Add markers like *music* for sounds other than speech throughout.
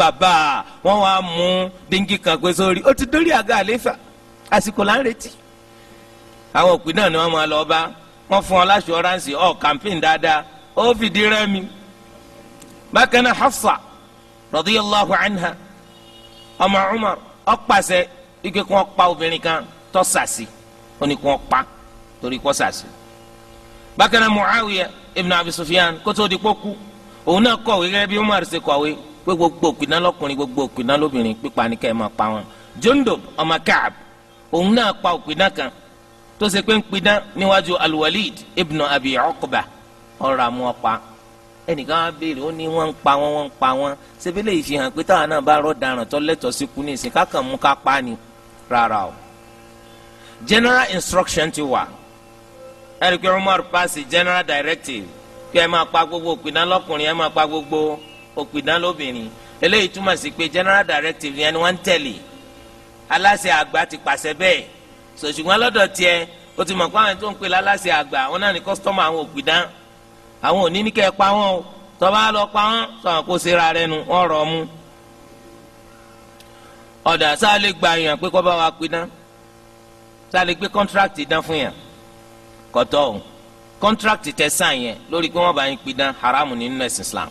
bàbá wọn wá mú díngì kan gbé sórí ó ti dórí àga àléfà àsìkò là ń retí àwọn òpin náà ni wọn máa lọ bá wọn fún ọ ọránsì ọ kàmpín dáadáa ó fìdí Hafsa radiyallahu anha ọmọ Umar ọ pàṣẹ ike kí wọn pa obìnrin kan tó sàṣì ó ní kí wọn pa torí sàṣì bákan náà Muawiya ibn Abi Sufyan kótó di kpókú òun náà kọ̀wé gẹ́gẹ́ bí Umar ṣe kọ̀wé pé gbogbo òpinna lọkùnrin gbogbo òpinna lóbìnrin pípa ni kẹ́ ẹ máa pa wọn Jundub ọmọ Kaab òun náà pa òpinna kan tó ṣe pé ń pinna níwájú Al-Walid ibn Abi Uqba àmú ọ̀pá ẹnìkan á béèrè ó ní wọ́n ń pa wọ́n wọ́n ń pa wọ́n ṣebí lè fi hàn pé táwọn náà bá rọ̀ tó lẹ́tọ̀ọ́ sí kú ní ìsìn kákan mú ká pa ni rárá o general instruction ti wà ẹ̀rí pé Umar pass general directive pé ẹ máa pa gbogbo òpinna lọ́kùnrin ẹ máa pa gbogbo òpìdán lóbìnrin eléyìí túmọ̀ sí pé general directive yẹn ni wọ́n ń tẹ̀lé aláṣẹ àgbà ti pàṣẹ bẹ́ẹ̀ sòṣùgbọ́n lọ́dọ̀ tiẹ̀ o ti mọ̀ pé àwọn tó ń pè láláṣẹ àgbà àwọn náà ni kọ́sítọ́mù àwọn òpìdán àwọn òní ní kẹ́ ẹ pa wọ́n o tọ́ba lọ pa wọ́n sọ̀rọ̀ kó ṣe ra rẹ nu wọ́n rọ̀ mú. ọ̀dà sáà lè gba èèyàn pé kọ́ bá wa pidán sáà lè gbé kọ́ńtrákìtì dán fún yàn kọ́tọ́ o kọ́ńtrákìtì tẹ sáà yẹn lórí pé wọ́n bá yín pidán haramu nínú ẹ̀sìn Islam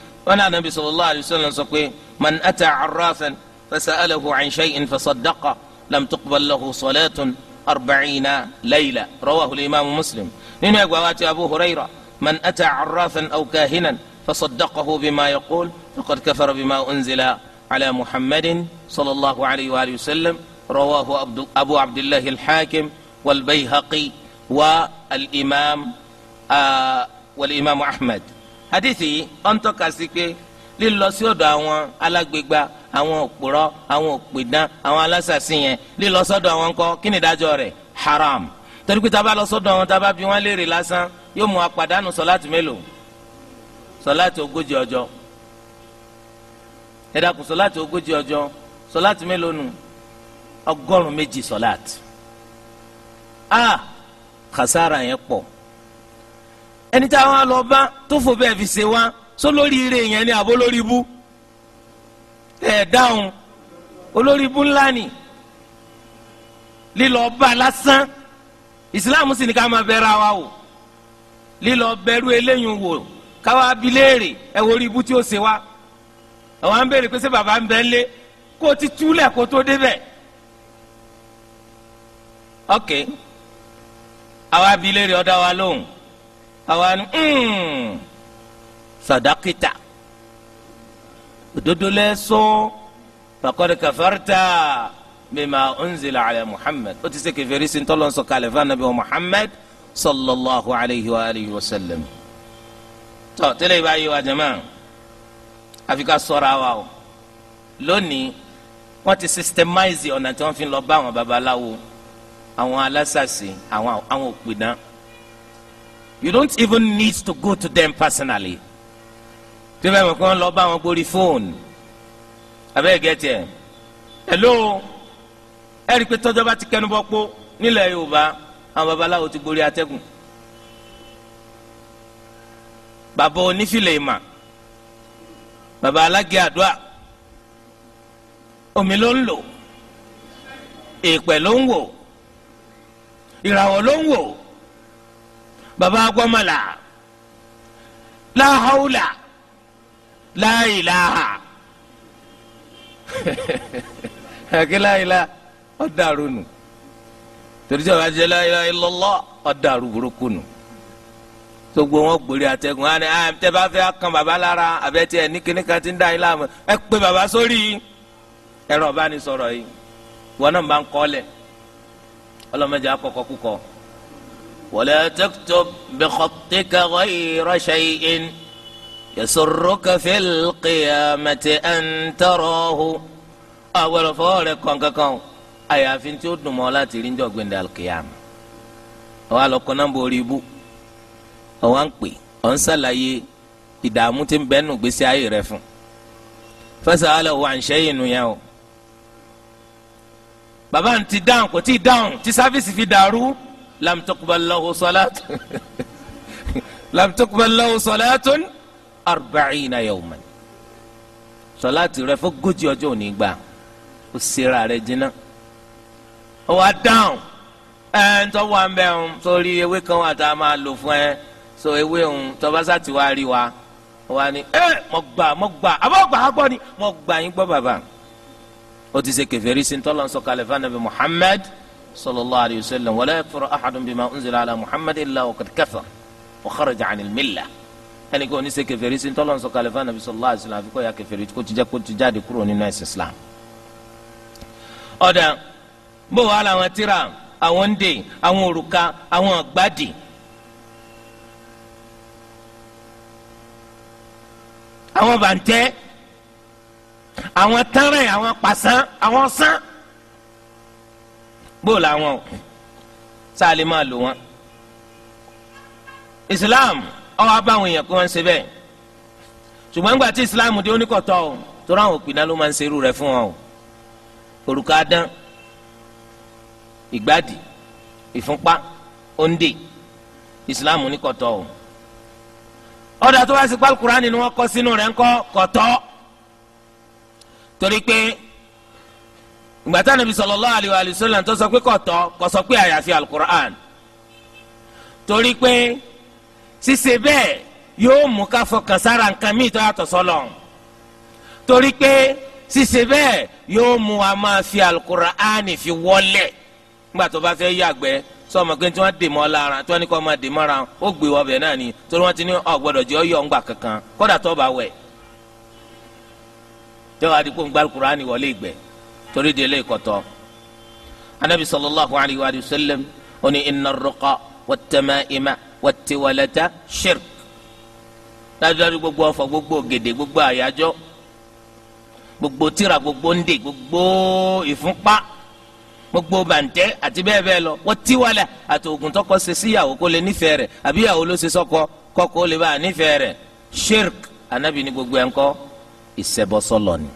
wọn ní anabi sallallahu alayhi wa sallam sọ pé man ata carrafan fasalahu an shayin fasadaqa lam tuqbal lahu salatun arbacina layla rawahu limaamu muslim nínú ẹgbẹ́ wa ti abu hurayra man ata carrafan aw kahinan fasadaqahu bima yaqul faqad kafara bima unzila على محمد صلى الله عليه وآله وسلم رواه أبو عبد الله الحاكم والبيهقي والإمام آه والإمام أحمد àdìsí yìí ó ń tọ́ka sí pé lílọ sí ọ̀dọ̀ àwọn alágbègbà àwọn òpùrọ̀ àwọn òpìdán àwọn alásàsí yẹn lílọ sọ́dọ̀ àwọn ńkọ́ kí ni ìdájọ́ rẹ̀ haram torí pé tá a bá lọ sọ́dọ̀ àwọn tá a bá bi wọ́n léèrè lásán yóò mú apàdánù sọ̀láàtì mélòó sọ̀láàtì ogójì ọjọ́ ẹ dákun ogójì ọjọ́ sọ̀láàtì mélòó nù ọgọ́rùn-ún méjì sọ̀láàtì ah kàsára yẹn pọ̀ ẹni tí àwọn lọ bá tó fò bẹ́ẹ̀ fi ṣe wá só lórí ire yẹn ni àbó lórí ibú ẹ̀ dáhùn olórí ibú ńlá ni lílọ bá lásán ìsìláàmù sì ni ká máa bẹ̀rẹ̀ wa wò lílọ bẹ̀rù eléyìí wò káwá bi léèrè ẹ̀ wò orí ibú tí ó ṣe wá àwọn à ń béèrè pé ṣé bàbá ń bẹ ń lé kó o ti túlẹ̀ kó o tó débẹ̀ ok àwa bi ọ̀dà wa lóhùn àwa ni hmm, sadakita òdodo lẹ sọ fakọri kafarita bima unzila ala muhammad o ti ṣe kèfèrí sí ntọlọnsọ kalẹ̀ fún anabi wa muhammad sallallahu alayhi wa alayhi wa sallam tọ tẹ́lẹ̀ yìí bá yé wa jama àfi ká ṣọ́ra wa o lónìí wọ́n ti systemize ọ̀nà tí wọ́n fi lọ bá àwọn babaláwo àwọn alásàsì àwọn àwọn you don't even need to go to them personally tí bẹ́ẹ̀ mọ̀ kí wọ́n lọ bá wọn gbórí fóònù abẹ́ẹ̀ gẹ́tì ẹ̀ hello ẹ rí i pé tọ́jọ́ bá ti kẹnu bọ́ pọ́ nílẹ̀ Yorùbá àwọn babaláwo ti gbórí atẹ́gùn bàbá onífìlẹ̀ ìmà bàbá alágé àdúrà omi ló ń lò èèpẹ̀ ló ń wò ìràwọ̀ ló ń wò baba gbọ́mọ̀là láhàúlà láìláha àkè láìlá ọ̀dàrú nù torí sọ̀rọ̀ àti láìlá illallah ọ̀dàrú burúkú nù wọn gbòòrè àtẹgùn á ní à ah, bá fẹ́ kan baba lára àbẹ̀tẹ̀ ẹ̀ ní kan ti ń dá yín láàmú ẹ pé baba sórí ẹ̀rọ ọba ni sọ̀rọ̀ yìí wọn náà bá ń kọ́ lẹ̀ ọlọ́mọdé akọkọ kúkọ. ولا تكتب بخطك غير شيء يسرك في القيامة أن تراه أول فارق كونك كون أي فين تود مولات لندو عند القيامة أول كنام بوريبو أو أنقي أنسلاي ìdààmú tí ń bẹnu gbèsè ayé rẹ fún fasalahu wà ń ṣẹ́yìn nu yẹn o bàbá ń ti dáhùn kò lam tuqbal lahu salatu lam tuqbal lahu salatun arba'ina yawman salati rẹ fógójì ọjọ́ òní gbà ó sera rẹ jiná ó wá dáhùn ẹ ń tọ́wọ́ à ń bẹ̀ ń sórí ewé kan wà tá a máa lò fún ẹ so ewé ń tọ́básá ti wá rí wa ó wá ní ẹ mo gbà mo gbà àbọ̀ gbà á gbọ́ ni mo gbà yín gbọ́ bàbá ó ti ṣe kèfèrí sí ń tọ́lọ́ ń sọ kalẹ̀ fún anabi Muhammad. صلى الله عليه وسلم ولا يكفر أحد بما أنزل على محمد إلا وقد كفر وخرج عن الملة anil milla ẹni kò ní ṣe kèfèrí sí tọ́lọ́ nsọ kalifa nabi sallallahu alayhi wa sallam àfikọ́ ya kèfèrí kó ti jẹ́ kó ti jáde kúrò nínú islam. ọ̀dà bó wàá làwọn tíra àwọn ń àwọn òrùka àwọn àgbàdì àwọn bàǹtẹ́ àwọn tẹ́rẹ̀ àwọn pàṣán àwọn sán bó làwọn o tá lè máa lò wọn islam ọwọ abáwọn èèyàn kí wọn ṣe bẹ́ẹ̀ ṣùgbọ́n nígbà tí islam dé oníkọ̀tọ́ o torí àwọn òpinna ló máa ń ṣerú rẹ̀ fún wọn o òrùka adán ìgbàdì ìfúnpá òǹdè islam oníkọ̀tọ́ o ọ̀dà tó bá ti pa alukurani ni wọ́n kọ́ sínú rẹ̀ ńkọ́ kọ̀tọ́ torí pé ìgbàtà nàbí sallallahu alaihi wa sallam tó sọ pé kọtọ kò sọ pé àyàfi alukur'an torí pé ṣíṣe bẹ́ẹ̀ yóò mú ká fọkàn sára nǹkan míì tó yàtọ̀ sọ́lọ̀ torí pé ṣíṣe bẹ́ẹ̀ yóò mú wa máa fi alukur'an fi wọlé nígbà tó bá fẹ́ yàgbẹ́ sọmọ pé tí wọ́n dè mọ́ lára tí wọ́n ní kó máa dè mọ́ra ó gbé wọbẹ̀ náà ni torí wọ́n ti ní ọ̀gbọ́dọ̀ jẹ́ ọyọ̀ ńgbà kankan kódà tó bá wẹ̀ tí wọ́n á di ìgbẹ́ torí délé ìkọtọ anabi sallallahu alayhi wa sallam oní iná rọkọ wàtẹmẹ ìmà wàtiwalẹta shirk dájúdájú gbogbo ọfọ̀ gbogbo gèdè gbogbo àyájọ́ gbogbo tírà gbogbo ndè gbogbo ìfúnpá gbogbo bàǹtẹ́ àti bẹ́ẹ̀ bẹ́ẹ̀ lọ wàtiwalẹ àti oògùn tọkọ ṣe síyàwó kó lè nífẹ̀ẹ́ rẹ̀ àbí ìyàwó ló ṣe sọ́kọ kọ́kọ́ lè bá a nífẹ̀ẹ́ shirk anabi ní gbogbo ẹ̀ ń kọ́ ni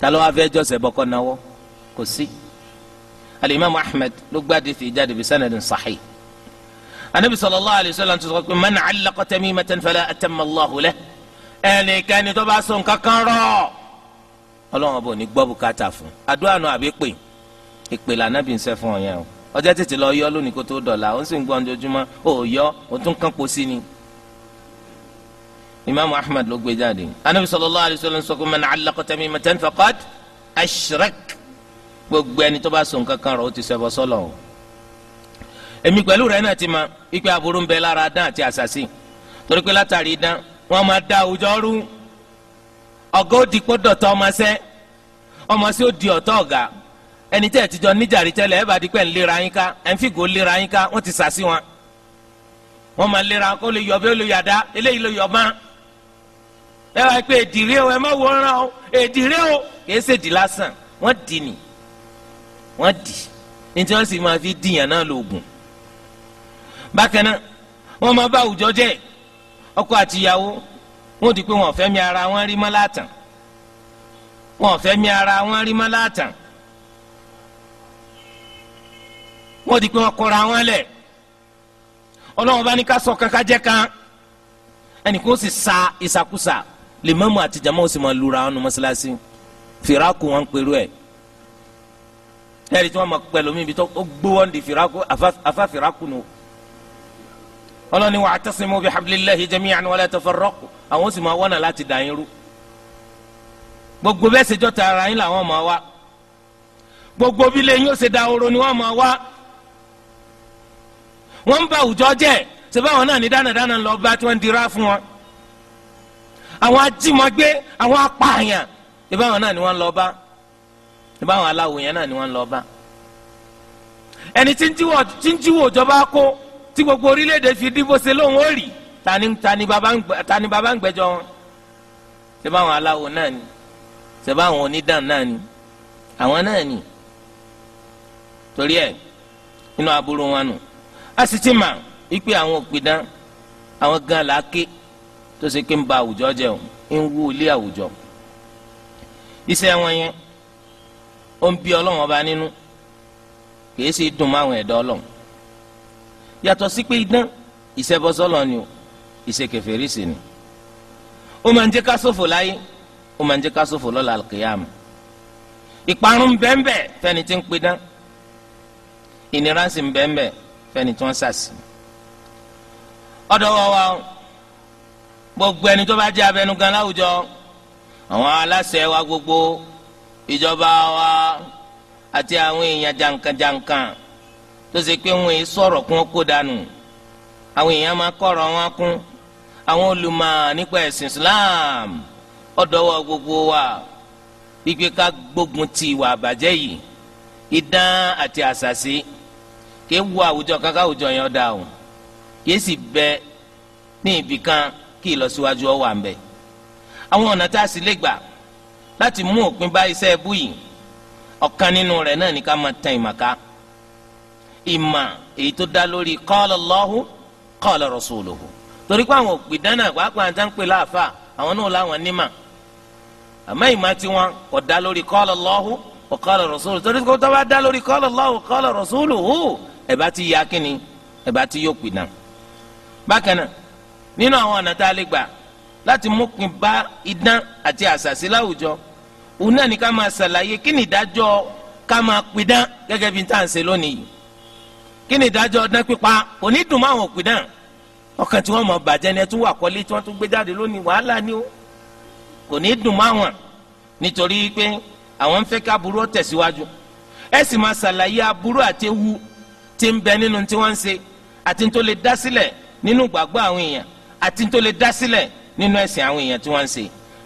ta ló wá fẹ́ jọ́sẹ̀ bọ́kọ́ náwó kò sí. alimami ahmed ló gbádìí fi jáde bí sanadin sahih. anabi sallallahu alayhi wa sallam tó sọ pé man allaqa tamimatan fala atamma Allahu lahu ẹnikẹ́ni tó bá so nǹkan kan rọ̀ ọlọ́run bò ní gbọ́ bùkátà fún adúlá nù àbí pè ìpè lànà bí n sẹ́ fún ọ o ọjọ́ tètè lọ yọ lónìí kó tó dọ̀la ó sì ń gbọ́ ọjọ́júmọ́ ó yọ ó tún kán sí ni imaamu ahmed ló gbé jáde anabi sallallahu alayhi wa sallam sọ pé man allaqa tamimatan faqad ashrak gbogbo ẹni tó bá so nǹkan kan rọ ó ti ṣẹbọ sọlọ o èmi pẹ̀lú rẹ̀ náà ti ma ipe aburú ń bẹ lára dán àti àṣàṣì torí pé látàrí dán wọn máa da àwùjọ rú ọ̀gá ó di pọ́dọ̀tọ̀ ọmọ sẹ́ ọmọ sí ó di ọ̀tọ̀ ọ̀gá ẹni tẹ́ ẹ̀ ti jọ níjàrí tẹ́lẹ̀ ẹ̀ bá di pẹ́ ń yín ká ẹ̀ ń fìgò lera yín ká wọ́n ti sàṣì wọn wọ́n máa lera kó lè yọ bí ó lè yàdá eléyìí lè yọ bán ẹ wá pé èdìrí o ẹ má wo rán o èdìrí o kìí ṣe dì lásán wọ́n dì ní wọ́n dì ní tí wọ́n sì máa fi dìyàn náà lóògùn bákan náà wọ́n máa bá àwùjọ jẹ́ ọkọ àtìyàwó wọ́n di pé wọ́n fẹ́ mi ara wọn rí mọ́ látàn wọ́n fẹ́ mi ara wọn rí mọ́ látàn wọ́n di pé wọ́n kọra wọn lẹ̀ ọlọ́wọ́n bá ní ká sọ kankan jẹ́ kan ẹnì kó sì sa ìsàkúsà limamu àti jama òsì máa lura wọn nu mọ́sálásí firaku wọn pẹ̀lú ẹ̀ ẹ̀rí tí wọ́n máa pẹ̀lú mi ibi tó gbówó ń di firaku afa firaku nù. ọlọ́ni wa'tasimu bihablillahi jami'an wala tafarraqu àwọn òsì máa wọ́nà láti dà yín rú gbogbo bẹ́ẹ̀ ṣèjọ́ ta ara yín làwọn máa wá gbogbo bí lè yín ó ṣe da ni wọ́n máa wá wọ́n ba àwùjọ jẹ́ ṣe báwọn náà ní dánadáná lọ bá tí wọ́n dira fún wọn àwọn ajímọ̀gbé àwọn apààyàn ìbá wọn náà ni wọ́n lọ bá ìbá wọn aláwo yẹn náà ni wọ́n lọ bá ẹni tí ń jíwò ìjọba kó tí gbogbo orílẹ̀-èdè fi dìbò ṣe lóun ó rì tani tani ń gbẹ́jọ́ wọn ṣe báwọn náà ni ṣe onídàn náà ni àwọn náà ni torí ẹ nínú aburú wọn nù a sì ti mà ipe àwọn òpìdán àwọn gan làákè tó ṣe pé ń ba àwùjọ jẹ o ń wú ilé àwùjọ iṣẹ́ wọn yẹn ó ń bí ọlọ́wọ́n ọba nínú kìí ṣe dùn máwọn ẹ̀dọ́ ọlọ́wọ́n yàtọ̀ sí pé idán ìṣẹ́bọsọ́lọ́ ni o ìṣèkèfèrí sì ni ó máa ń jẹ́ ká ṣòfò láyé ó máa ń jẹ́ ká ṣòfò lọ́la kìyàmù ìparun bẹ́ẹ̀nbẹ́ fẹ́ni tí ń pe dán ìnira sì ń bẹ́ẹ̀nbẹ́ fẹ́ni tí wọ́n sàṣì ọ̀dọ̀ wa wa o gbogbo ẹni tó bá jẹ́ abẹnugan láwùjọ àwọn aláṣẹ wa gbogbo ìjọba wa àti àwọn èèyàn jàǹkànjàǹkàn tó ṣe pé wọn èyí sọ̀rọ̀ kún kó dànù àwọn èèyàn máa kọ̀rọ̀ wọn kún àwọn olùmọ̀ nípa ẹ̀sìn Islam ọ̀dọ́wọ́ gbogbo wa wípé ká gbógun ti ìwà àbàjẹ́ yìí idán àti àṣàṣe kí ẹ wo àwùjọ kankan àwùjọ yẹn ọ̀dà o kí sì bẹ ní ibìkan. kí ìlọsíwájú ọ wà àwọn ọ̀nà tá a sì lè gbà láti mú òpin bá iṣẹ́ ẹbú yìí ọ̀kan nínú rẹ̀ náà ní ká máa ìmà èyí tó dá lórí qala Allahu qala rasuluhu torí pé àwọn òpìdán náà pàápàá àti àǹpẹ̀ láàfà àwọn náà láwọn nímà àmọ́ ìmà tiwọn kò dá lórí qala Allahu wa qala torí pé tó bá nínú àwọn ọ̀nà tá láti mú bá idán àti àṣàṣì láwùjọ òun náà ni ká máa ṣàlàyé kí ni ìdájọ́ ká máa pidán gẹ́gẹ́ bí n tá à ń ṣe lónìí yìí kí ni ìdájọ́ ọdún pípa kò ní dùn máwọn òpìdán ọkàn tí wọ́n mọ̀ bàjẹ́ ni ẹ tún wà kọ́lé tí wọ́n tún gbé jáde lónìí wàhálà ni ó kò ní dùn máwọn nítorí pé àwọn ń fẹ́ ká aburú ó tẹ̀síwájú ẹ sì máa ṣàlàyé aburú àti ewu tí ń bẹ nínú tí wọ́n ń ṣe àti tó lè dá sílẹ̀ nínú gbàgbọ́ àwọn èèyàn àti tó lè dá sílẹ̀ nínú ẹ̀sìn àwọn èèyàn tí wọ́n ń ṣe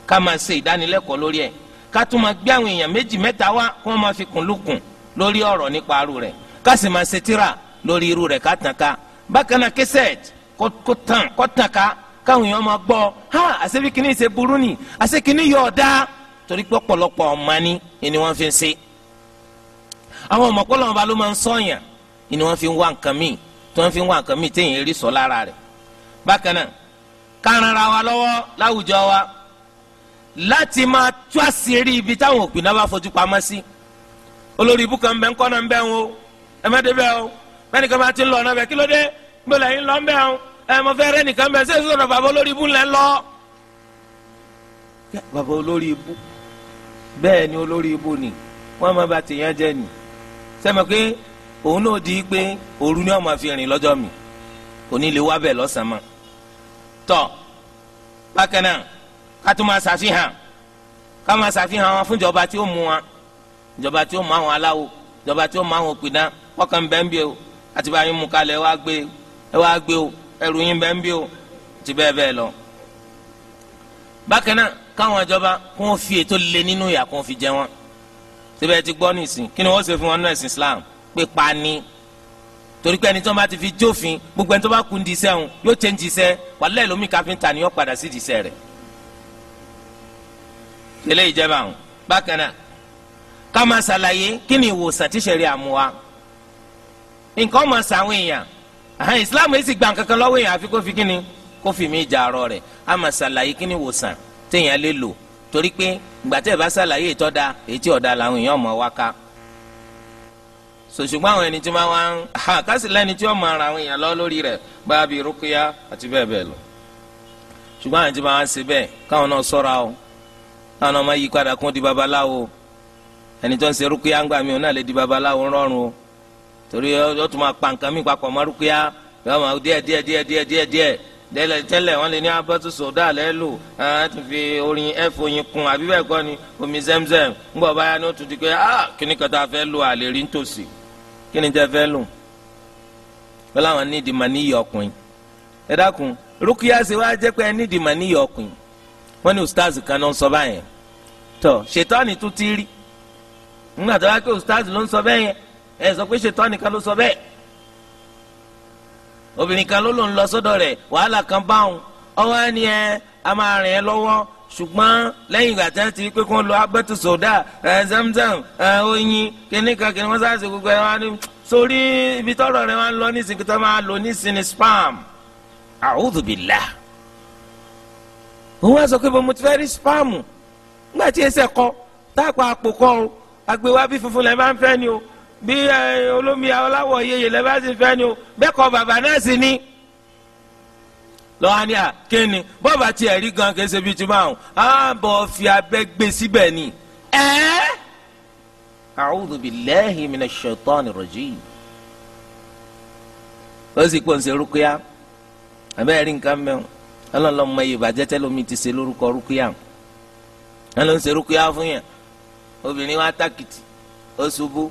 ká máa ṣe ìdánilẹ́kọ̀ọ́ lórí ẹ̀ ká tún máa gbé àwọn èèyàn méjì mẹ́ta wá kí wọ́n máa fi kùn lukùn lórí ọ̀rọ̀ nípa aró rẹ̀ ká sì máa ṣe tíra lórí irú rẹ̀ ká tàn ká bákan náà kẹsẹ̀t kó tàn kó tàn ká káwọn èèyàn máa gbọ́ ha àṣebí kìíní ṣe burú ni àṣe kìíní yọ̀ ọ̀dá torí pé ọ̀pọ̀lọpọ̀ ọ̀ma ni ni wọ́n fi ń ṣe àwọn ọ̀mọ̀pọ̀lọ̀ ọba ló máa ń sọ kárànra wa lọ́wọ́ láwùjọ wa láti máa tú àṣírí ibi táwọn òpin náà bá fojú pamọ́ sí olórí ibú kan bẹ ń kọ́nà ń bẹ ń o ẹ má débẹ̀ o bẹ́ẹ̀ni kan bá ti ń lọ ọ̀nà bẹ̀ kí ló dé gbọ́dọ̀ yín lọ ń bẹ̀ o ẹ mọ fẹ́ rẹ́ nìkan bẹ̀ ṣé sọ̀rọ̀ bàbá olórí ibú lẹ́ lọ. bàbá olórí ibú bẹ́ẹ̀ ni olórí ibú ni wọ́n máa bá tèèyàn jẹ́ ni sẹ́mi pé òun náà di pé òru ni wọ́n máa fi rìn lọ́jọ́ mi kò lè wá bẹ̀ lọ́sàn-án tọ bákan náà ká tún máa ṣàfihàn ká máa ṣàfihàn wọn fún ìjọba tí ó mú wọn ìjọba tí ó mú àwọn aláwo ìjọba tí ó mú àwọn òpìdán pọkàn bẹ́ẹ̀ ń bí o àti bá yín mú kalẹ̀ ẹ wá gbé ẹ wá gbé o ẹrù yín bẹ́ẹ̀ ń bí o ti bẹ́ẹ̀ bẹ́ẹ̀ lọ. bákan náà káwọn ìjọba kún fi ètò lé nínú ìyà kún fi jẹ wọn síbẹ̀ ti gbọ́ nìsín kí ni wọ́n ṣe fún wọn náà ẹ̀sìn Islam pé ni torí pé ẹni tó bá ti fi jófin gbogbo ẹni tó bá kú ń di iṣẹ́ òun yóò ṣe ń di iṣẹ́ wàlẹ́ lómi káfíńtà ni yóò padà sí di iṣẹ́ rẹ̀ eléyìí jẹ́ báwọn bákan náà ká máa ṣàlàyé kí ni ìwòsàn tí sẹ̀rí àmúwa nǹkan ọmọ sàwọn èèyàn àhán Islam èsì gbà kankan lọ́wọ́ èèyàn àfi kó fi kíni kó fi mí ìjà ọ̀rọ̀ rẹ̀ á máa ṣàlàyé kí ni ìwòsàn téèyàn lè lò torí pé ìgbà tẹ́ bá ṣàlàyé ìtọ́da sòṣùgbọ́n àwọn ẹni tí wọ́n wá ń ha kásì lẹ́ni tí wọ́n máa àwọn èèyàn lọ lórí rẹ̀ bá bíi rúkúyà àti bẹ́ẹ̀ bẹ́ẹ̀ lọ ṣùgbọ́n àwọn ẹni tí wọ́n wá ń bẹ́ẹ̀ o káwọn náà máa yí padà kún di babaláwo ẹni tó ń ṣe rúkúyà ń gbà mí òun náà lè di babaláwo rọrùn o torí ó tún máa pa nǹkan mí papọ̀ mọ́ rúkúyà máa díẹ̀ díẹ̀ díẹ̀ kí ni tẹ́ fẹ́ lò wọ́n láwọn ní ìdìmọ̀ níyì ọkùnrin ẹ dákun rúkìá sì wá jẹ́ pé ní ìdìmọ̀ níyì ọkùnrin wọ́n ní ustaz kan ló ń sọ báyẹn tọ́ ṣètọ́ni tún ti rí nígbà tó wá pé ustaz ló ń sọ bẹ́ẹ̀ yẹn ẹ sọ pé ṣètọ́ni kan ló sọ bẹ́ẹ̀ obìnrin kan ló ló ń lọ sọ́dọ̀ rẹ̀ wàhálà kan báwọn ọwọ́ ẹni ẹ a máa rìn ẹ lọ́wọ́ ṣùgbọ́n lẹ́yìn ìgbà tí wọ́n ti pé kí wọ́n lo abẹ́tù sọ̀dá zamzam ẹ̀ oyin kìnnìkan kìnnìkan wọ́n sáà ṣe gbogbo ẹ̀ wọ́n á ní sórí ibi tọ́rọ̀ rẹ̀ wọ́n á lọ nísìnyí kí wọ́n máa lò nísìnyí spam a'udhu billah òun á sọ pé mo ti fẹ́ rí spam nígbà tí ẹsẹ̀ kọ táàpọ̀ àpò kọ o àgbéwá bí funfun lẹ́ bá ń fẹ́ ni o bí olómi aláwọ̀ yeye lẹ́ bá ti fẹ́ ni o bẹ́ẹ̀ kọ bàbá náà sì ni lọ́wọ́ ni à kéènì bọ́ọ̀bà tí ẹ̀rí gan kìí ṣe bíi ti máa hùn ààbọ̀ fi abẹ́ gbé síbẹ̀ ni. ẹ́ a'udhu billahi minash shaitani rajim. ó sì pọ̀ ń ṣe rúkúyà àbẹ́ rí nǹkan mẹ́wọ̀n ọlọ́lọ́ mọ iye ìbàjẹ́ tẹ́lẹ̀ omi ti ṣe lórúkọ rúkúyà ẹ̀ ló ń ṣe rúkúyà fún yẹn obìnrin wa tákìtì ó ṣubú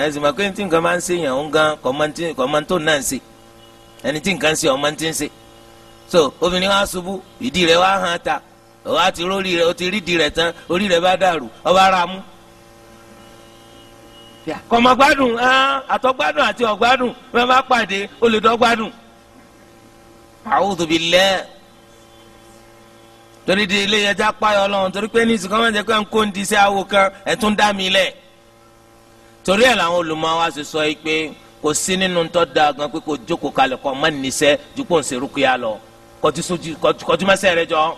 ẹ̀ sì mọ̀ pé ní tí nǹkan máa ń ṣe yẹn òun gan kọ̀mọ́ntò ẹni tí nǹkan ń ṣe ọmọ ti ń ṣe so obìnrin wa ṣubú ìdí rẹ̀ wá hàn ta wá ti rórí rẹ̀ o ti rí ìdí rẹ̀ tán orí rẹ̀ bá dàrú ọba ra mú. kọ̀mọ̀ gbádùn àtọ̀gbádùn àti ọ̀gbádùn bẹ́ẹ̀ bá pàdé o lè dọ́gbádùn. a'udhu billah torí di ilé yẹn já páyọ lọ́wọ́ torí pé ní ìsìnkú ọmọ jẹ́ pé ń kó ń di iṣẹ́ awo kan ẹ̀ tún dá mi lẹ̀ torí ẹ̀ làwọn olùmọ̀ wa ṣe sọ yìí pé kò sí nínú tó da gan pé kò jókòó kalẹ̀ kọ́ mọ́ níṣẹ́ ju ń ṣe rúkúyà lọ. kọjú sójú kọjú mẹsẹ rẹ jọ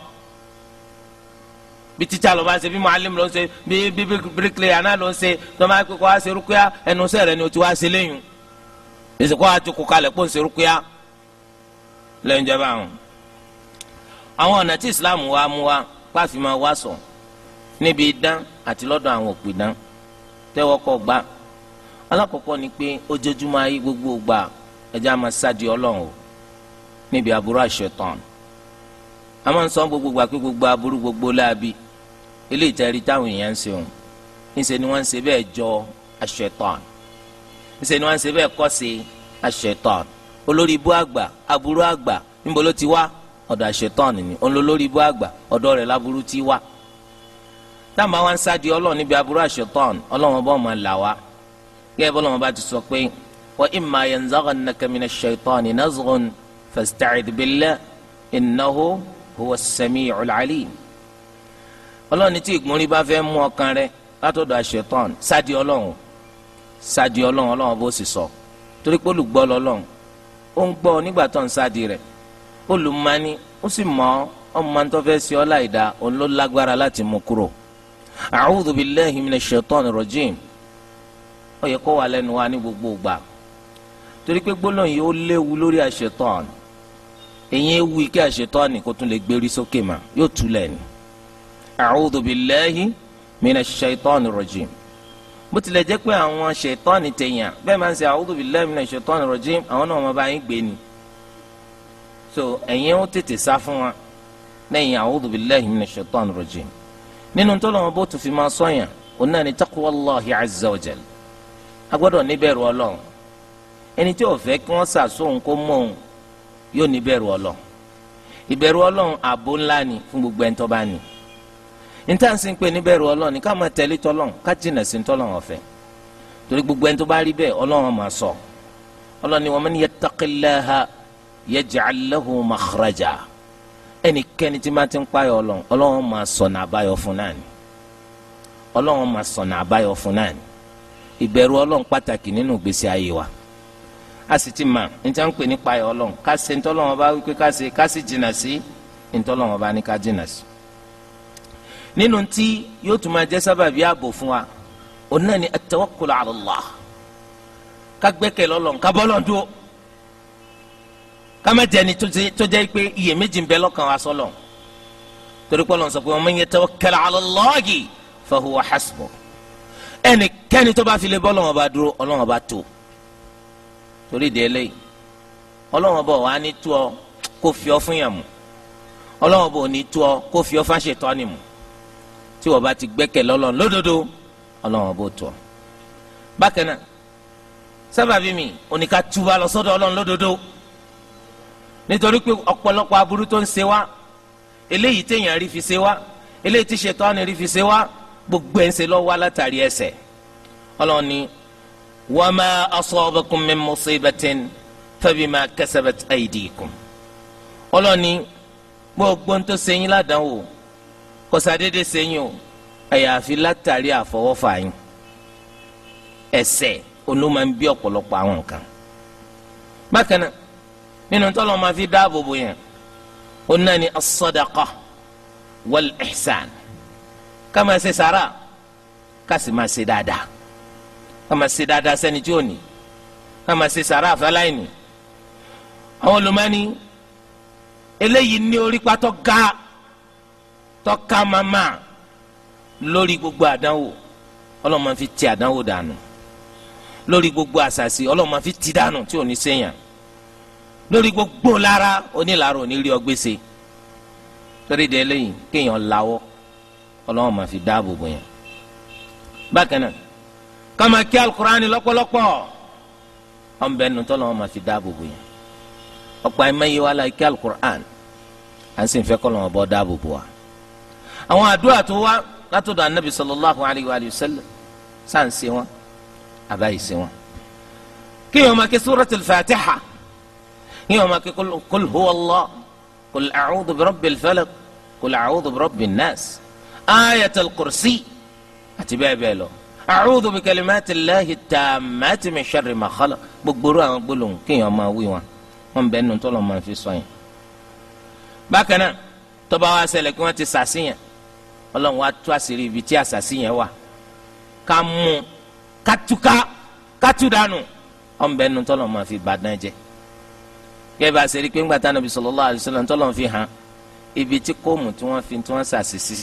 bí títsà lọ bá ṣe bí mualim lọ ṣe bí bí bíríkìlìyà náà lọ ṣe wá ẹnu sẹ rẹ ni o ti wá ṣe léyìn wá kalẹ̀ kó ń ṣe rúkúyà lẹ́yìn àwọn. àwọn ọ̀nà tí islam wa mú wa pàfi máa wá sọ níbi àti lọ́dọ̀ àwọn tẹ́wọ́ kọ́ gbá alákọ̀ọ́kọ́ ni pé ojoojúmọ́ ayé gbogbo gbà ẹja máa ṣáàdì ọlọ́run o níbi aburú àṣetán a máa ń sọ gbogbo gbà pé gbogbo aburú gbogbo láabi ilé ìtẹ̀rí táwọn èèyàn ń ṣe òun ńṣe ni wọ́n ń ṣe bẹ́ẹ̀ jọ àṣetán ńṣe ni wọ́n ń ṣe bẹ́ẹ̀ kọ́ sí àṣetán olórí ibú àgbà aburú àgbà níbo ló ti wá ọ̀dọ̀ àṣetán ni olórí ibú àgbà ọ̀dọ̀ rẹ̀ láburú ti wá táwọn bá wá ń sáàdì ọlọ́run níbi aburú àṣetán ọlọ́run bá wọn là wá gẹ́gẹ́ bọ́lọ́run bá ti sọ pé wa imma yanzaghannaka minash shaitani nazghun fasta'idh بالله innahu هو السميع العليم. 'alim. ọlọ́run ní tí ìgbónrí bá fẹ́ mú ọkàn rẹ látọ̀dọ̀ àṣetán sádi ọlọ́run sádi ọlọ́run ọlọ́run bó sì sọ torí pé olùgbọ́ lọ́lọ́run ó ń gbọ́ nígbà tó ń sádi rẹ̀ olùmọ́ni ó sì mọ́ ọmọ tó fẹ́ sí ọ láìda òun láti mú kúrò. a'udhu billahi minash shaitanir rajim ó yẹ kó wà lẹ́nu wa ní gbogbo ìgbà torí pé gbólóhùn ó léwu lórí àṣetán èyí ewu ike àṣetọ́ni kó tún lè gbérí sókè mà yóò túlẹ̀ ni. a'udhu billahi minash shaitani rajim. bó tilẹ̀ jẹ́ pé àwọn ṣaitọ́ni tẹ̀yàn bẹ́ẹ̀ máa ń ṣe a'udhu billahi minash shaitani rajim àwọn náà wọn bá yín gbé ni. so ẹ̀yin ó tètè sá fún wa lẹ́yìn a'udhu billahi minash shaitani rajim. nínú tó lọ́wọ́ bó tún fi máa sọ́yàn òun yóò ní bẹ̀rù ọlọ́run ìbẹ̀rù ọlọ́run ààbò ńlá ni fún gbogbo ẹni tó bá ní níta sì ń pè ní bẹ̀rù ọlọ́run ní ká máa tẹ̀lé tọ́lọ́run ká jìnà sí tọ́lọ́run ọ̀fẹ́ torí gbogbo ẹni tó bá rí bẹ́ẹ̀ ọlọ́run máa sọ ọlọ́run ni wa man yattaqillaha yaj'al lahu makhraja ẹnikẹ́ni tí máa ti ń payọ̀ ọlọ́run ọlọ́run máa ṣọ̀nà àbáyọ fún náà ni ọlọ́run máa ṣọ̀nà àbáyọ fún náà ni ìbẹ̀rù ọlọ́run pàtàkì nínú ìgbésí ayé wa a sì ti mà níta ń pè nípa ẹ̀ ọlọ́run ká kasi ntọ́lọ́wọ́n bá wípé ká ṣe ká si. jìnnà sí ntọ́lọ́wọ́n bá ní ká jìnnà sí. yóò tún máa jẹ́ sábàbí ààbò fún wa òun náà ni at-tawakkul ala Allah ká gbẹ́kẹ̀ lọ́lọ́run ká bọ́ lọ́n dúró ká má jẹ́ni tó jẹ́ pé iyèméjì ń bẹ lọ́kàn wa sọ́lọ̀ torí pé Ọlọ́run sọ pé wa man yatawakkal ala Allahi fahuwa hasbuh ẹnikẹ́ni tó bá fi lè bọ́ lọ́wọ́n bá dúró Ọlọ́run bá tó torí ìdí eléyìí ọlọ́wọ́n bọ̀ wá ní tú ọ kó fi ọ fún yàn mú ọlọ́wọ́n bọ̀ ní tú ọ kó fi ọ fáṣẹ tọ́ ni mú tí wọ́n bá ti gbẹ́kẹ̀ lọ́lọ́run lódodo ọlọ́wọ́n bọ̀ tọ́ bákan náà sábàbí mi oníka túbà lọ sọ́dọ̀ ọlọ́run lódodo nítorí pé ọ̀pọ̀lọpọ̀ aburú tó ń ṣe wá eléyìí téèyàn rí fi ṣe wá eléyìí tí ṣètò àná rí fi ṣe wá gbogbo ẹ̀ ń ṣe lọ́wọ́ látàrí ẹ̀ṣẹ̀ ọlọ́run ni وما أصابكم من مصيبة فبما كسبت أيديكم. ọlọni gbogbo ń tó sẹyìn ládàáwò kọsadédé sẹyìn o àyàfi látàrí àfọwọ́fà yín ẹ̀ṣẹ̀ olóma ń bí ọ̀pọ̀lọpọ̀ àwọn nǹkan bákan náà nínú tọ́lọ́ máa fi dáàbò bò yẹn ó náà ní as-sadaqa wal ká máa ṣe sàrà ká sì máa ṣe dáadáa ká se ṣe dáadáa sẹ́ni tí ò ní ká máa ṣe sàrà àfẹ́láìní. àwọn olùmọ́ni eléyìí ní orí pátọ́ ga tọ́ka màmá lórí gbogbo àdánwò ọlọ́run máa fi ti àdánwò dànù lórí gbogbo àṣàṣì ọlọ́run máa fi ti dànù tí ò ní ṣèyàn lórí gbogbo lára onílàrá ò ọgbẹ́sẹ̀ torí de eléyìí kéèyàn lawọ́ ọlọ́run fi dáàbò bò bákan náà kama kí alukurani lọ́pọ̀lọpọ̀ ọ̀n bẹ́ẹ̀ nù tọ́lọ́ wọn máa fi dáàbò bò yẹn ọ̀pọ̀ àìmọ́ yìí wà láì kí alukurani à ń sì fẹ́ kọ́lọ́ wọn bọ́ dáàbò bò wa. àwọn àdúrà tó wá látọ̀dọ̀ anabi sallallahu alayhi wa sallam sáà ń ṣe wọn àbá yìí ṣe wọn. kí yọ̀ọ́ máa kí surat al-fatiha kí yọ̀ọ́ máa kí kul huwa kul a'udhu bi rabbil falaq kul a'udhu bi rabbin nas ayatul kursi àti bẹ́ẹ̀ bẹ́ẹ̀ lọ a'udhu bi kalimati llahi tammati min sharri ma khalaq gbogbo ru àwọn gbólóhùn kéèyàn máa wí wọn wọn bẹ nù tọ́lọ̀ máa fi sọ yẹn. bákan náà tọ́ba wa ṣẹlẹ̀ kí wọ́n ti sàṣìyàn ọlọ́run wa tú àṣírí ibi tí àṣàṣìyàn wà ká mú kátúká kátúdánù wọn bẹ nù tọ́lọ̀ máa fi bàdán jẹ. gẹ́gẹ́ bá a ṣe rí i pé ńgbà tá a nàbì sallallahu alaihi fi hàn ibi tí kóòmù tí wọ́n fi tí wọ́n ṣàṣìṣì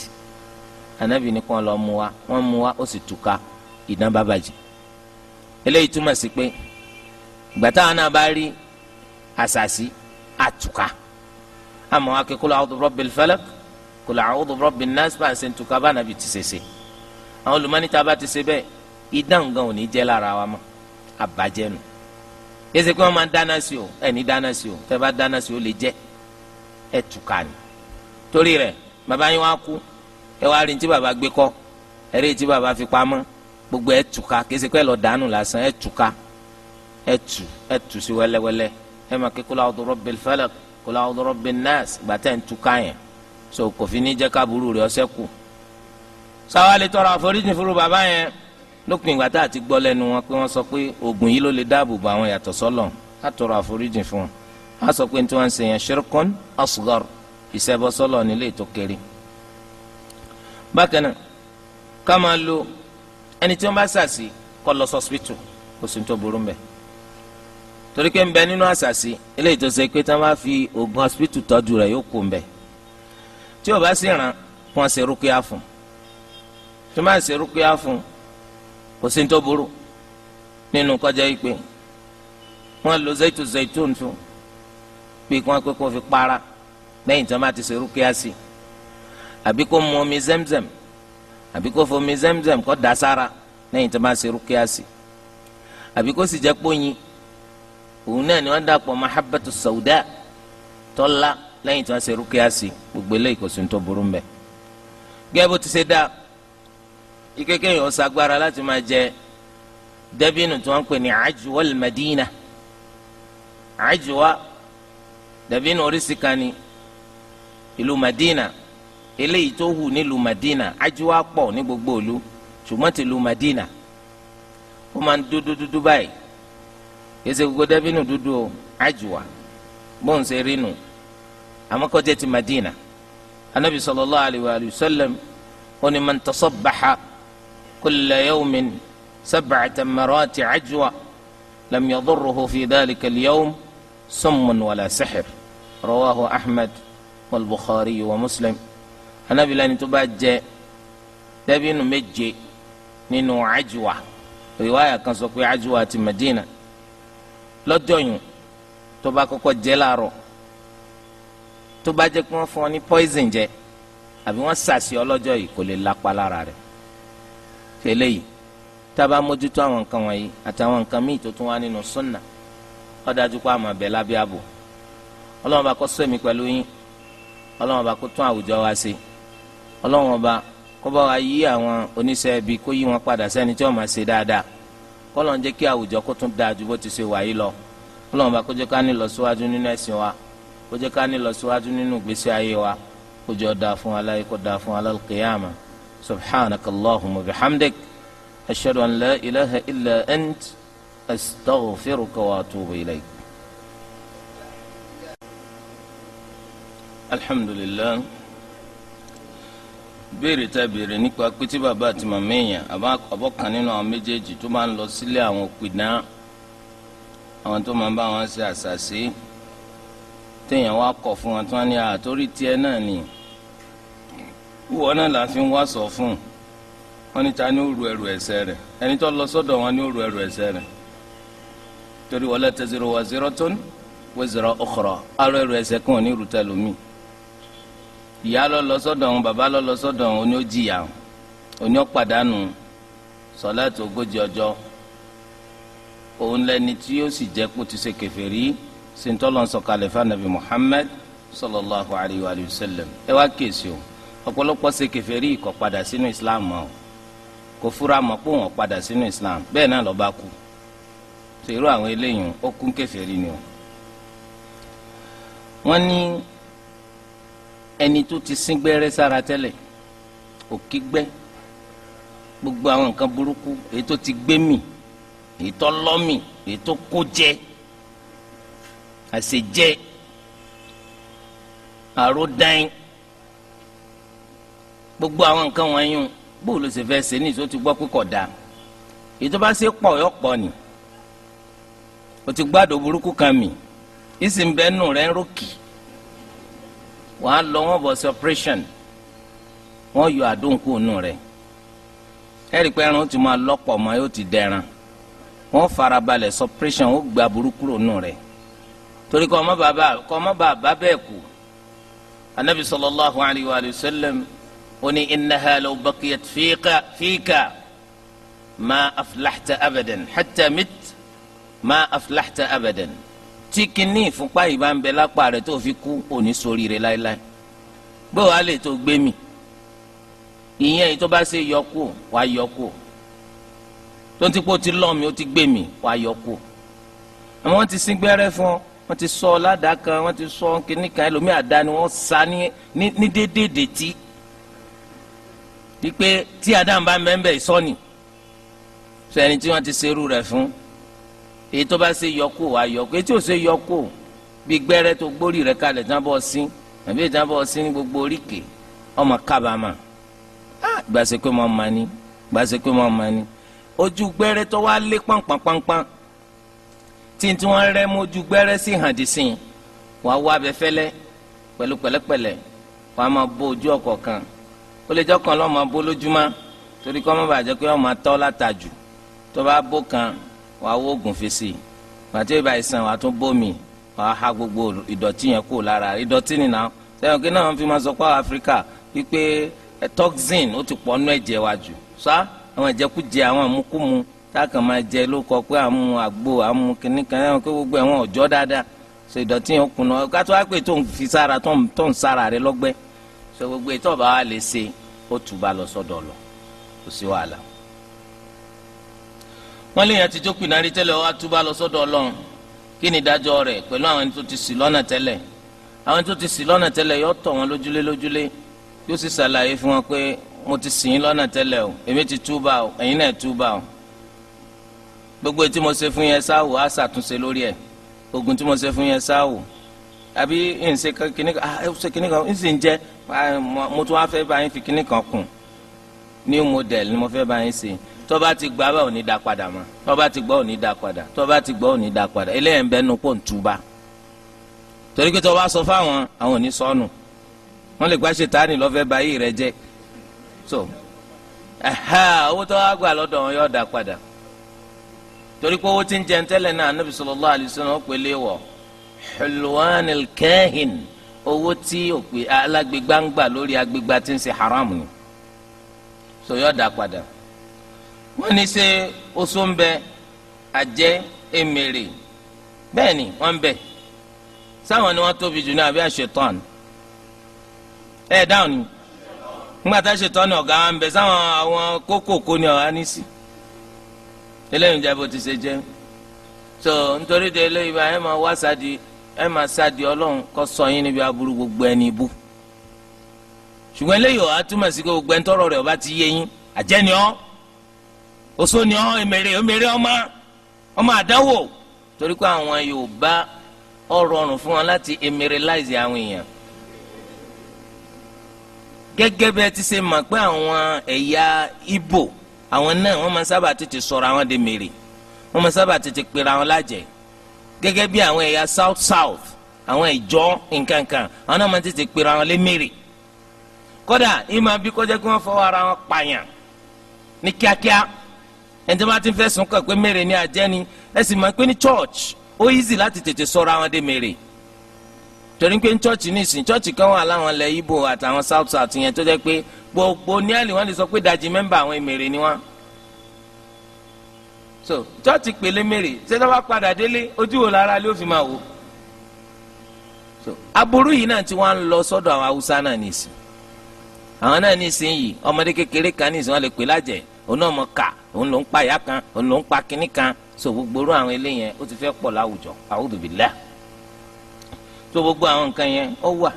anabi ni kàn lọ mú wa wọ́n mú wa ó sì túká ìdán bá bàjẹ́ eléyìí túmọ̀ sí pé gbàtà àná bá rí àṣàṣì àtúká àmọ́ akẹ́kọ̀ọ́ àwọn ọ̀dọ́ rabbil falak kòlà àwọn ọ̀dọ́ rabbin nas bá ń ṣe túká bá anabi ti ṣe ṣe àwọn olùmọ́nìta bá ti ṣe bẹ́ẹ̀ idán gan ò ní jẹ́ lára wa mọ́ àbàjẹ́ nù yẹsẹ pé wọn máa dáná sí o ẹni dáná sí o tẹ bá dáná sí o lè jẹ ẹ ni torí rẹ bàbá yín wá kú ẹ wá rí ní tí bàbá gbé kọ́ ẹ rí ní tí bàbá fi pamọ́ gbogbo ẹ tùka kí ẹsẹ̀ pẹ́ lọ dànù lásán ẹ tùka ẹ tù ẹ tù sí wẹ́lẹ́wẹ́lẹ́ ẹ máa ké kul a'udhu rabbil falaq kul a'udhu rabbin nas gbàtẹ́ ń tùka yẹn so kò fi ní jẹ́ káàbùrù rẹ̀ ọsẹ́ kù. sáwálé tọrọ àforíjì fúru bàbá yẹn lópin ìgbà tá a ti gbọ́ lẹ́nu wọn pé wọ́n sọ pé oògùn yìí ló lè dáàbò bò àwọn yàtọ̀ sọ́lọ̀ á àforíjì fún wọn á sọ pé ní tí wọ́n ń ṣe yẹn shirkun asghar sọ́lọ̀ nílé ètò kéré bákan náà ká máa lo ẹni tí wọ́n bá sàṣì kọ́ lọ sọ́sìpìtù kò sí tó burú mbẹ́ torí pé ń bẹ nínú àṣàṣì eléyìí tó ṣe pé tí wọ́n bá fi oògùn ọ̀sìpìtù tọ́jú rẹ̀ yóò kú mbẹ́ tí ò bá sì ràn kó wọ́n ṣe rúkúyà fún tí wọ́n bá ṣe rúkúyà fún kò sí tó burú nínú kọjá ìpè wọ́n lo zaitun zaitun fún pé kí wọ́n pé kó fi para lẹ́yìn tí wọ́n bá ti ṣe rúkúyà sí i àbí kó mu omi zemzem àbí kó fomi zemzem kó da sára lẹ́yìn tó bá ṣe rúkìá sí àbí kó sì jẹ́ póyin òun náà ni wọ́n dà pọ̀ mahabatu sauda tọ́lá lẹ́yìn tí wọ́n ṣe rúkìá sí gbogbo eléyìí kò sí tó burú mbẹ́. gẹ́gẹ́ bó ti ṣe dá ikeke yìí ó láti máa jẹ dẹ́bínú tí wọ́n ń pè ní ajuwa almadina ajuwa dẹ́bínú oríṣi ní ìlú madina. Ajwa, eléyìí tó hù nílùú Madina ajíwá pọ̀ ní gbogbo ìlú ṣùgbọ́n tìlú Madina ó máa ń dúdú dúdú báyìí kèsè gbogbo dàbínù dúdú o ajíwá bóun ṣe rí nù àmọ́ kó jẹ́ ti Madina anabi sallallahu alayhi wa sallam ó ní man tasabbaha kulla yawmin sab'ata marati ajwa lam yadurruhu fi dhalika al-yawm wala sihr rawahu Ahmad wal wa Muslim anábìlẹ̀ ni tó bá jẹ dàbínù méje nínú ajwa rìwáyà kan sọ pé ajwa ti Madina lọ́jọ́ yìí tó bá kọ́kọ́ jẹ láàárọ̀ tó bá jẹ́ pé wọ́n fún ọ ní poison jẹ àbí wọ́n sàṣì ọlọ́jọ́ yìí kò lè lápá lára rẹ̀ tẹ́lẹ̀ yìí tá mójútó àwọn nǹkan wọ̀nyí àtàwọn nǹkan míì tó tún wá nínú sunna ó dájú pé àmọ̀ bẹ́ẹ̀ ààbò ọlọ́run bá sọ èmi pẹ̀lú yín ọlọ́run bá tún àwùjọ wa ṣe ọlọ́run ọba kó bá wa yí àwọn oníṣẹ́ ibi kó yí wọn padà sẹ́ni tí wọ́n máa ṣe dáadáa kọ́lọ́n jẹ́ kí àwùjọ kó tún dáa ju bó ti ṣe wàyí lọ kọ́lọ́n ọba kó jẹ́ ká ní lọ síwájú nínú ẹ̀sìn wa kó jẹ́ ká ní lọ síwájú nínú ìgbésí ayé wa kó jọ dáa fún wa láyé kó dáa fún wa lálùkìyàmà subhanakallahumma bihamdik ashhadu an la ilaha illa ant astaghfiruka wa atubu béèrè tá béèrè nípa pé tí bàbá àti màmá èèyàn àbọ̀kan nínú àwọn méjèèjì tó máa ń lọ sílé àwọn òpìdá àwọn tó máa ń bá wọn ṣe àṣàṣe téèyàn wá kọ̀ fún wọn tí wọ́n ní àtórí tiẹ̀ náà ni wọ́n náà là fi ń wá sọ fún wọn níta ní òru ẹrù ẹ̀ṣẹ̀ rẹ̀ ẹni tó lọ sọ́dọ̀ wọn ní òru ẹrù ẹ̀ṣẹ̀ rẹ̀ torí wala taziru waziratun wizra ukhra àrò ẹrù ẹ̀ṣẹ̀ kan ní rúta lómi ìyá lọ lọ sọ́dọ̀ òun bàbá lọ lọ sọ́dọ̀ òun oní ó jìyà oní ó pàdánù sọláàtì ogójì ọjọ́ òun lẹni tí ó sì jẹ́ kó ti ṣe kèfèrí sí ntọ́lọ́ fanabi Muhammad sallallahu alayhi wa sallam ẹ wá kéésì o ọ̀pọ̀lọpọ̀ se kèfèrí kò padà sínú Islam mọ́ o kò fura mọ́ pé wọ́n padà sínú Islam bẹ́ẹ̀ náà lọ́ba kú tó irú àwọn eléyìí ó kún kèfèrí ni o wọ́n ní ẹni tó ti sín gbẹ́rẹ́ sára tẹ́lẹ̀ òkè gbẹ́ gbogbo àwọn nǹkan burúkú èyí tó ti gbé mì èyí tó lọ́ mì èyí tó kó jẹ àṣejẹ àròdán gbogbo àwọn nǹkan wọ̀nyí bóòlù sì fẹ́ ṣe ní ìṣó ti gbọ́ pípọ̀ dáa èyí tó bá ṣe pọ̀ yọ pọ̀ ni o ti gbádùn burúkú kan mì ìsìn bẹ́ẹ̀ nù rẹ̀ ń rókì wọ́n á lọ wọ́n bọ̀ sí operation wọ́n yọ àdóńkù nù rẹ̀ ẹ̀rí pé ẹran ó ti máa lọ́pọ̀ mọ́ yóò ti dẹran wọ́n farabalẹ̀ sọ operation ó gba burúkú nù rẹ̀ torí kọ́ ọmọ bàbá kọ́ ọmọ bàbá bẹ́ẹ̀ kú anabi sallallahu alayhi wa sallam ó ní innaha law baqiyat ma aflahta abadan hatta mit ma aflahta abadan tí kinní ìfúnpá yìí bá ń bẹ lápá rẹ tó fi kú òní sóríire láéláé bó wàá lè tó gbé mi ìyẹn èyí tó bá ṣe yọkù wàá yọkù tó ń tipó ti lọ́ mi ó ti gbé mi wàá yọkù àwọn ti sin gbẹ́rẹ́ fún ọ wọ́n ti sọ ládàá kan wọ́n ti sọ kinní kan ẹlòmíì àdá ni wọ́n sa ní déédéé tí wípé tí àdá ń bá mẹ́ńbẹ́ ìsọ́ni sọ ẹni tí wọ́n ti ṣerú rẹ̀ fún èyí tó bá ṣe yọkó wá yọkó èyí tí ò ṣe yọkó bí gbẹ́rẹ́ tó gbórí rẹ̀ kalẹ̀ tí wọ́n bọ́ sí àbí tí wọ́n bọ́ sí ní gbogbo oríkèé ọmọ kábàámà gba ṣe pé mo ma ni gba ṣe pé mo ma ni ojú gbẹ́rẹ́ tó wá lé pọnpọnpọnpọn tí tí wọ́n rẹ́ mú ojú gbẹ́rẹ́ sí hàn dì sí wà wá abẹ fẹ́lẹ́ pẹ̀lú pẹ̀lẹ́pẹ̀lẹ́ wà á máa bó ojú ọkọ kan ó lè jọ kan lọ́ọ́ máa bó lójúmọ́ torí kọ́ mọ́ bàjẹ́ pé ọmọ atọ́ látàjù tó bá bó kan wàá wóògùn fèsì pàtó ìbá ìsàn wàá tún bómi wàá ha gbogbo ìdọ̀tí yẹn kó lára ìdọ̀tí nìna sẹ́yìn kí náà fi máa sọ pé Áfíríkà wípé toxin ó ti pọ̀ nú ẹ̀jẹ̀ wa jù sá àwọn ìjẹkújẹ àwọn àmúkúmu táàkàn máa jẹ ló kọ pé àmú àgbo àmú kìnnìkan ẹ̀wọ̀n pé gbogbo ẹ̀wọ̀n ọ̀jọ́ dáadáa ṣe ìdọ̀tí yẹn kùnà kátó wá pé tó ń fi sára tó ń sára rẹ lọ́gbẹ́ ṣe gbogbo ètò ọ̀bá wa lè ṣe ó tù lọ sọ́dọ̀ lọ kò sí wàhálà wọ́n lè yàn tijó pìnnárí tẹ́lẹ̀ wá túbá lọ sọ́dọ̀ ọlọ́run kí ni ìdájọ́ rẹ̀ pẹ̀lú àwọn ẹni tó ti ṣì lọ́nà tẹ́lẹ̀ àwọn tó ti ṣì lọ́nà tẹ́lẹ̀ yóò tọ̀ wọn lójúlé lójúlé yóò sì ṣàlàyé fún wọn pé mo ti ṣì yín lọ́nà tẹ́lẹ̀ o èmi ti túbà o ẹ̀yin náà túbà o gbogbo tí mo ṣe fún yẹn sáwò á ṣàtúnṣe lórí ẹ̀ ogun tí mo ṣe fún yẹn sáwò àbí ń kíní kan ń ṣe kíní kan ń ah, ń jẹ́ ah, mo tún wá fẹ́ bá fi kíní kan kùn new model ni mo fẹ́ bá ṣe tọ́ba ti gbà bá òní dá padà mọ́ tọ́ba ti gbọ́ òní dá padà tọ́ba ti gbọ́ òní dá padà eléyìí ń bẹ́ nu pò ń túba torí pé tọ́ba sọ fáwọn àwọn òní sọnù wọ́n lè gbá ṣètánì lọ́fẹ́ báyìí rẹ jẹ́ so owó tó wá gbà lọ́dọ̀ wọn yóò dá padà torí pé owó tí ń jẹun tẹ́lẹ̀ náà Ànábì sallallahu alaihi ó pèlè wọ̀ hulwanil kahin owó tí òpè alágbègbà lórí agbègbà tí ń ṣe haram ni so yóò dá padà. So, wọ́n ní ṣe oṣù ń bẹ àjẹ́ emèrè bẹ́ẹ̀ ni wọ́n ń bẹ sáwọn ni wọ́n tóbi jù ní àbí àṣetán ẹ̀ dáhùn ni nígbà ṣetán ní ọ̀gá wa bẹ sáwọn àwọn kókòkò ní ọ̀hán ní sí eléyìí jẹ́ ti ṣe jẹ́ so nítorí de eléyìí bá ẹ máa wá sádi ẹ máa sádi ọlọ́run kó ṣọ́ yín níbi aburú gbogbo ẹni ibú ṣùgbọ́n eléyìí ọ̀ túmọ̀ sí gbogbo ẹni tọ́rọ̀ rẹ̀ ọba ti yé yín àjẹ́ ni ọ́ oṣó ni ọ emere èmèrè ọmọ ọmọ àdánwò torí pé àwọn Yorùbá ọ rọrùn fún wọn láti emirilize àwọn èèyàn gẹ́gẹ́ bí ẹ ti ṣe mọ̀ pé àwọn ẹ̀yà Ìgbò àwọn náà wọ́n máa sábà tètè sọ̀rọ̀ àwọn de mèrè wọ́n máa sábà tètè pera àwọn lájẹ̀ gẹ́gẹ́ bí àwọn ẹ̀yà south south àwọn ìjọ nkankan àwọn náà máa tètè pera àwọn lé mèrè kódà ìmọ̀ bí kọjá kí wọ́n fọwọ́ ara wọn pààyàn ní kíákíá ẹni tí wọ́n ti fẹ́ sùn kàn pé mèrè ni àjẹ́ni ẹ sì máa ń pè ní church ó easy láti tètè sọ̀rọ̀ àwọn dé mèrè torí pé ní church ní ìsìn church kan wà láwọn ilẹ̀ Ìgbò àtàwọn south south yẹn tó jẹ́ pé gbogbo níàlì wọ́n lè sọ pé dajì mẹ́mbà àwọn mèrè ni wọ́n so church pèlè mèrè ṣé tó bá padà délé ojú wo lára ló fi máa wò so aburú yìí náà tí wọ́n ń lọ sọ́dọ̀ àwọn haúsá náà nìsín àwọn náà nìsín yìí ọmọdé kékeré kan nìsín wọ́n lè pè lájẹ̀ẹ́ òun ka mọ ká òun ló ń pa ìyá kan òun ló ń pa kinní kan so gbogbo orú àwọn eléyẹn ó ti fẹ́ pọ̀ láwùjọ a'udhu so gbogbo àwọn nǹkan yẹn ó wà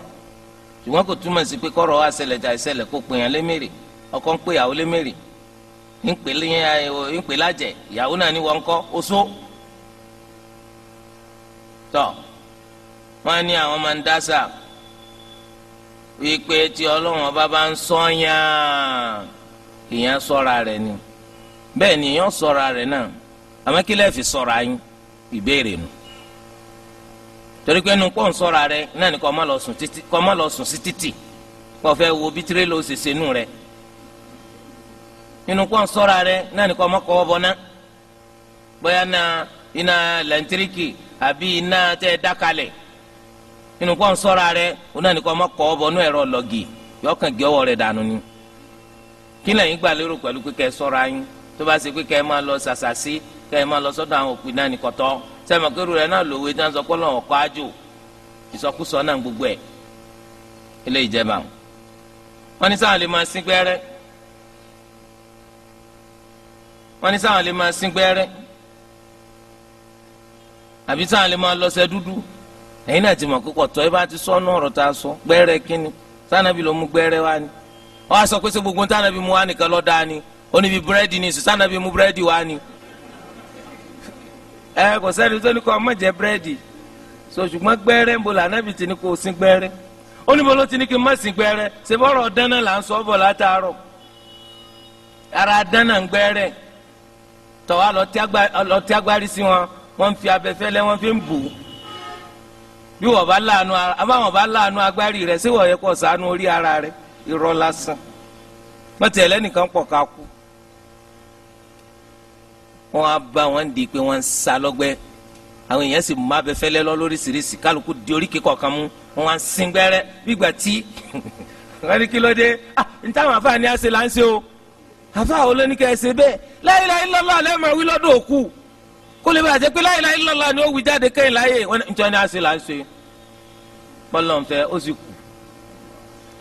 ṣùgbọ́n kò túmọ̀ sí pé kọ́rọ̀ wá ṣẹlẹ̀ jà ìṣẹlẹ̀ kó pè yàn lémèrè ọkọ ń pè ìyàwó lémèrè ń pè lájẹ ìyàwó náà ní wọn kọ́ oṣó tọ́ wọ́n ní àwọn máa ń dá wípé tí ọlọ́run ọba bá ń sọ́yàn èèyàn sọ́ra rẹ̀ ni bẹ́ẹ̀ ni èèyàn sọ́ra rẹ̀ náà àmọ́ kí lẹ́ẹ̀ fi sọ́ra yín ìbéèrè nu torí pé nukó ń sọ́ra rẹ̀ náà ni kọ́ má lọ sùn títí kọ́ má sí títì kọ́ fẹ́ wo bí tirẹ́lẹ̀ ó ṣe ṣe nù rẹ̀ nínú kó ń sọ́ra rẹ̀ náà ni kọ́ má kọ́ bọ́ bóyá náà iná lẹ́ńtíríkì àbí iná tẹ́ dákalẹ̀ ń náà ni kọ́ má kọ́ ẹ̀rọ lọ́gì yọkàn dànù ni. kí lẹ́yìn gbà lérò pẹ̀lú pé kẹ́ ẹ sọ́ra yín tó bá ṣe pé kẹ́ ẹ máa lọ ṣàṣàṣì kẹ́ ẹ máa lọ sọ́dọ̀ àwọn òpin náà ní kọ́tọ́ sẹ́mọ̀kẹ́rù rẹ náà lòwe dáná sọ pọ́lọ́ ọ̀kọ́ ájò ìsọkúsọ náà gbogbo ẹ̀ ilé ìjẹba wọn ní sáwọn lè máa gbẹ́rẹ́ ní sáwọn lè máa gbẹ́rẹ́ àbí sáwọn lè máa lọ́sẹ̀ dúdú ẹ̀yin náà ti mọ̀ kókò tọ́ ẹ bá ti sọ́nù ọ̀rọ̀ sọ gbẹ́rẹ́ kínni ọ wá sọ pé sọ gbogbo ntànàbí mu wá nìkan lọ dáa ni ó níbi búrẹ́dì ni sọ sànàbí mu búrẹ́dì wá ni. ẹ kò sẹ́ni tó ní kọ́ ọmọ jẹ búrẹ́dì sọ ṣùgbọ́n gbẹ́rẹ́ ń bọ̀ lànàbí ti ní kó o sin gbẹ́rẹ́ ó níbo ló ti ní kí n má sin gbẹ́rẹ́ ṣe bọ́rọ̀ dáná là ń sọ bọ̀ látàárọ̀ ara dáná ń gbẹ́rẹ́ tọ́wọ́ lọ́tí agbárí sí wọn wọ́n fi abẹ́fẹ́lẹ́ wọ́n fi ń bù ú bí wọ́n bá láàánú agbárí rẹ̀ ṣé wọ́n yẹ kó ṣàánú orí ara rẹ̀ irọ́ lásán mọ́tì ẹlẹ́nìkan pọ̀ ká kú wọ́n á bá wọn di pé wọ́n ń sa lọ́gbẹ́ àwọn èèyàn sì má bẹ fẹ́lẹ́ lọ lóríṣiríṣi kálukú di oríkì kọ̀ọ̀kan mú wọ́n á sin gbẹ́rẹ́ gbígbà tí *laughs* wọ́n ní kí ló dé ah ntàwọn afáàní àṣẹ là ń ṣe o àfáà olóníkẹ́ ẹ̀ ṣe bẹ́ẹ̀ la ilaha illallah alẹ́ máa wí lọ́dọ̀ òkú kó lè la ni ó wí jáde wọ́n ní àṣẹ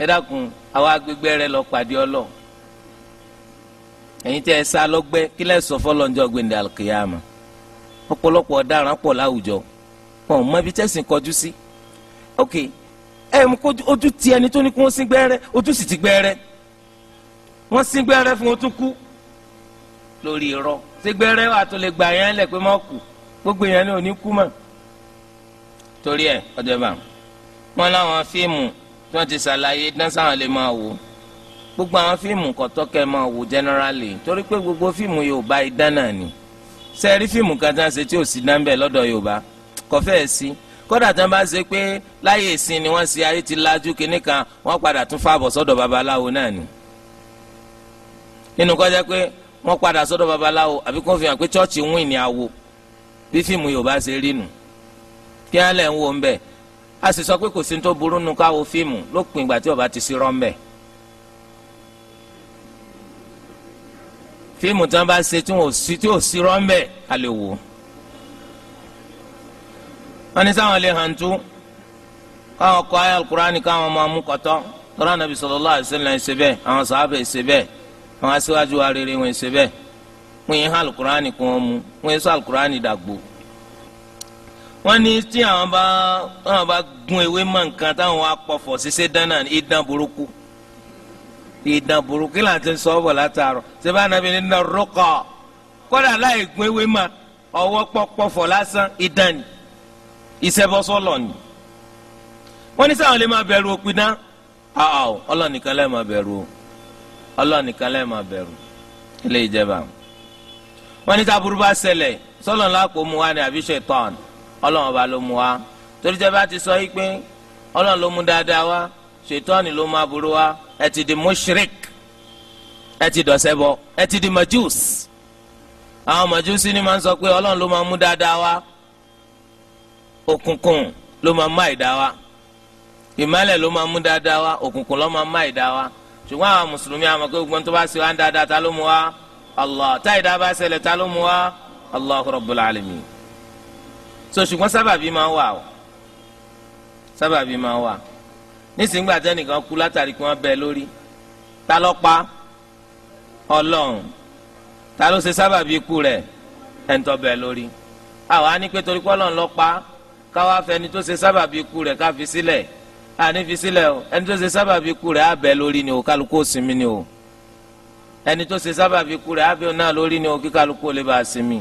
ẹ dákun àwọn agbègbè rẹ lọ pàdé ọlọ ẹ̀yin tẹ ẹ sá lọgbẹ kí lẹ sọ fọlọńjọ gbẹndẹ àlùkìyàmà ọ̀pọ̀lọpọ̀ ọ̀daràn pọ̀ láwùjọ wọn ò mọ ibi tẹsán kọjú sí ok ẹ mú kó ojú ti ẹni tó ní kó sín gbẹ́rẹ́ ojú sì ti gbẹ́rẹ́ wọ́n sín gbẹ́rẹ́ fún otún kú lórí irọ́ sín gbẹ́rẹ́ wà gbà yẹn lẹ pé mọ kù gbogbo yẹn ni ò ní kú mọ́ torí ẹ ọjọba wọn láwọn fíìmù tí wọ́n ti ṣàlàyé dáńsáwọn lè máa wò gbogbo àwọn fíìmù kọ̀tọ́kẹ́ máa wò generally torí pé gbogbo fíìmù Yorùbá idán náà ni sẹ́ẹ̀rí fíìmù kan tí wọ́n ṣe tí ò sí dáńbẹ̀ lọ́dọ̀ Yorùbá kò fẹ́ẹ̀ sí kódà tí wọ́n bá ṣe pé láyé ìsìn ni wọ́n ṣe ayé ti lajú kinní kan wọ́n padà tún fàbọ̀ sọ́dọ̀ babaláwo náà ni nínú kọjá pé wọ́n padà sọ́dọ̀ babaláwo àbí kó fi hàn pé chọ́ọ̀chì wíìn ni àwo bí fíìmù Yorùbá ṣe rí nù kí á lẹ̀ ń wo ń bẹ́ẹ̀ a sì sọ pé kò sí tó burú nu káwo fíìmù lópin ìgbà tí ọba ti sí rọ́ńbẹ́. fíìmù tí wọ́n bá ṣe tí wọ́n sí tí ò sí rọ́ńbẹ́ a lè wò. wọ́n ní sáwọn lè hàn tú káwọn kọ ayé alukurani káwọn máa mú tọ́lá nàbì sallallahu alaihi ṣe bẹ́ẹ̀ àwọn sàábà ṣe bẹ́ẹ̀ àwọn aṣíwájú wa rere wọn ṣe bẹ́ẹ̀ wọ́n yẹn hàn alukurani kún wọn mú wọ́n yẹn sọ alukurani dàgbò wọ́n ní tí àwọn bá àwọn bá gun ewé mọ nǹkan táwọn apọ̀fọ̀ ṣiṣẹ́ dáná idán burúkú idán burúkú kí láti sọ ọ́ bọ̀ látàárọ̀ ṣé bá nàbí ní rọ́kọ̀ kọ́dà láì gun ewé mọ ọwọ́ pọ̀pọ̀fọ̀ lásán idán ni ìṣẹ́bọ́sọ́lọ̀ ni wọ́n ní sáwọn lè máa bẹ̀rù òpin náà àà ọlọ́nìkan lẹ́ẹ̀ máa bẹ̀rù ọlọ́nìkan lẹ́ẹ̀ máa bẹ̀rù ilé ìjẹba wọ́n ní sábúrú bá ṣẹlẹ̀ sọ́lọ́ńlá kò mú wa ní àbí ṣaitan ọlọ́run ọba ló mú wa torí tẹ́ bá ti sọ yìí pé ọlọ́run ló mú dáadáa wa ṣètọ́ni ló mú aburú wa ẹ ti di mushrik ẹ ti dọ̀sẹ̀ bọ̀ ẹ ti di majus àwọn majus ni máa ń sọ pé ọlọ́run ló máa mú dáadáa wa òkùnkùn ló máa má ìdá wa ìmọ̀lẹ̀ ló máa mú dáadáa wa òkùnkùn ló máa má ìdá wa ṣùgbọ́n àwọn mùsùlùmí àmọ́ pé gbogbo tó bá ṣe wá ń dáadáa ta ló mú wa Allah táyìdá bá ṣẹlẹ̀ ta ló mú wa Allahu Rabbul Alamin so ṣùgbọ́n sábàbí máa wà o sábàbí máa wà nísìnyí gbà tẹ́nìkan kú látàrí kí wọ́n bẹ lórí ta ló pa ọlọ́run ta ló ṣe sábàbí ikú rẹ̀ ẹ̀ńtọ́ bẹ lórí àwa ní pé torí kọ́lọ́n ló pa káwá fẹni tó ṣe sábàbí ikú rẹ̀ ká fi sílẹ̀ àní fi sílẹ̀ o ẹni tó ṣe sábàbí ikú rẹ̀ á bẹ lórí ni o kálukú ó sinmi ni o ẹni tó ṣe sábàbí ikú rẹ̀ á bẹ náà lórí ni o kí kálukú ó lè bá a sinmi.